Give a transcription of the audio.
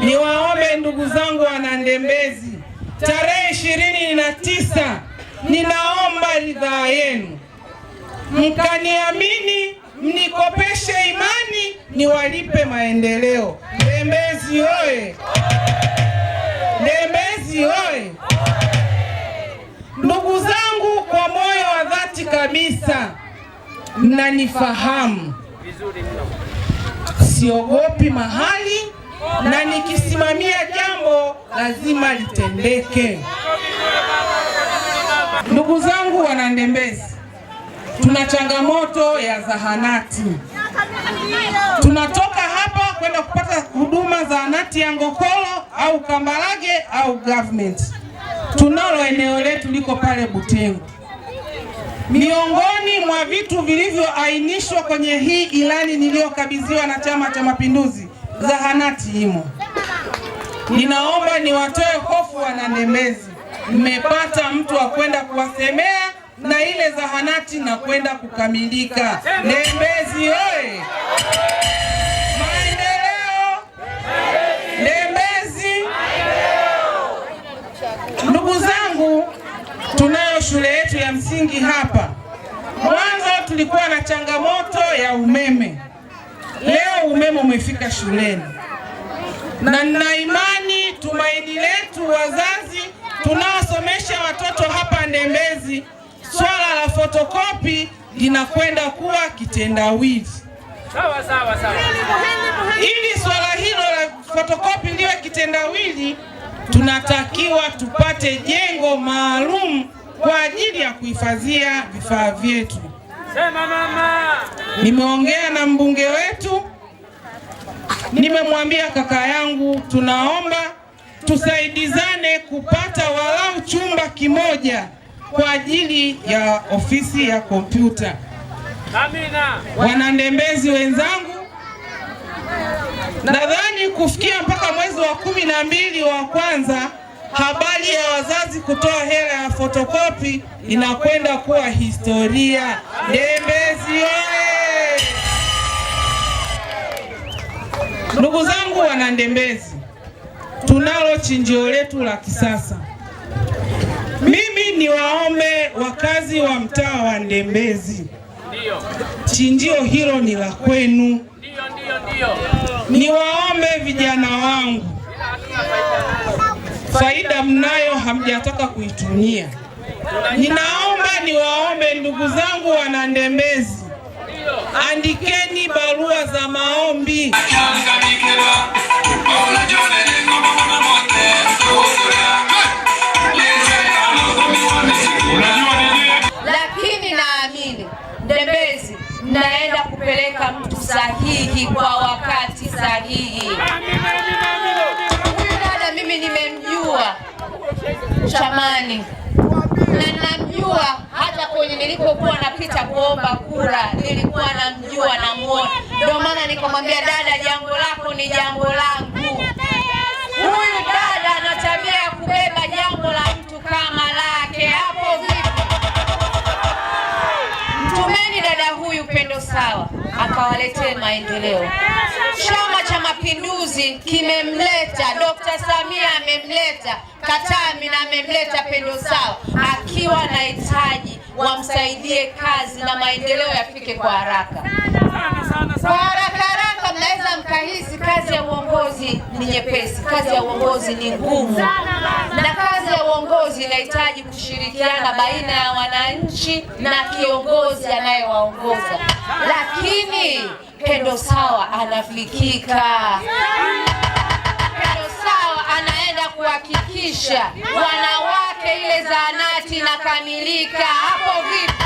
Niwaombe ndugu zangu wanandembezi, tarehe ishirini na tisa ninaomba ridhaa yenu, mkaniamini, mnikopeshe imani, niwalipe maendeleo. Ndembezi oye! Ndembezi oye! Ndugu zangu, kwa moyo wa dhati kabisa, mnanifahamu, siogopi mahali na nikisimamia jambo lazima litendeke. Ndugu zangu Wanandembezi, tuna changamoto ya zahanati. Tunatoka hapa kwenda kupata huduma zahanati ya Ngokolo au Kambarage au Government. Tunalo eneo letu liko pale Butengo. Miongoni mwa vitu vilivyoainishwa kwenye hii ilani niliyokabidhiwa na Chama cha Mapinduzi zahanati imo. Ninaomba niwatoe hofu wananemezi, mmepata mtu wa kwenda kuwasemea na ile zahanati na kwenda kukamilika. Nembezi oye! Maendeleo Nembezi! Ndugu zangu, tunayo shule yetu ya msingi hapa. Mwanzo tulikuwa na changamoto ya umeme leo umeme umefika shuleni, na nina imani tumaini letu wazazi tunaosomesha watoto hapa Ndembezi, swala la fotokopi linakwenda kuwa kitendawili. Sawa sawa sawa. Ili swala hilo la fotokopi liwe kitendawili, tunatakiwa tupate jengo maalum kwa ajili ya kuhifadhia vifaa vyetu. Sema mama. Nimeongea na mbunge wetu, nimemwambia kaka yangu, tunaomba tusaidizane kupata walau chumba kimoja kwa ajili ya ofisi ya kompyuta. Wanandembezi wenzangu, nadhani kufikia mpaka mwezi wa kumi na mbili wa kwanza habari ya wazazi kutoa hela ya fotokopi inakwenda kuwa historia. Ndembezi oye! Ndugu zangu wana ndembezi tunalo chinjio letu la kisasa. Mimi niwaombe wakazi wa mtaa wa Ndembezi, chinjio hilo ni la kwenu. Niwaombe vijana wangu, faida mnayo hamjataka kuitumia. Ninaomba niwaombe ndugu zangu wanandembezi andikeni barua za maombi. Lakini naamini Ndembezi mnaenda kupeleka mtu sahihi kwa wakati sahihi. Huyu dada mimi nimemjua Chamani na namjua hata kwenye nilipokuwa napita kuomba kura nilikuwa namjua, namuona. Ndio maana nikamwambia dada, jambo lako ni jambo langu. tukawaletea maendeleo. Chama cha Mapinduzi kimemleta Dr. Samia, amemleta Katami na amemleta Pendo Sawa akiwa na hitaji wamsaidie kazi na maendeleo yafike kwa haraka kwa haraka haraka. Mnaweza mkahisi kazi ya uongozi ni nyepesi, kazi ya uongozi ni ngumu na kazi uongozi inahitaji kushirikiana baina ya wananchi na kiongozi anayewaongoza, lakini Pendo Sawa anafikika. Pendo Sawa anaenda kuhakikisha wanawake ile zahanati inakamilika. Hapo vipi?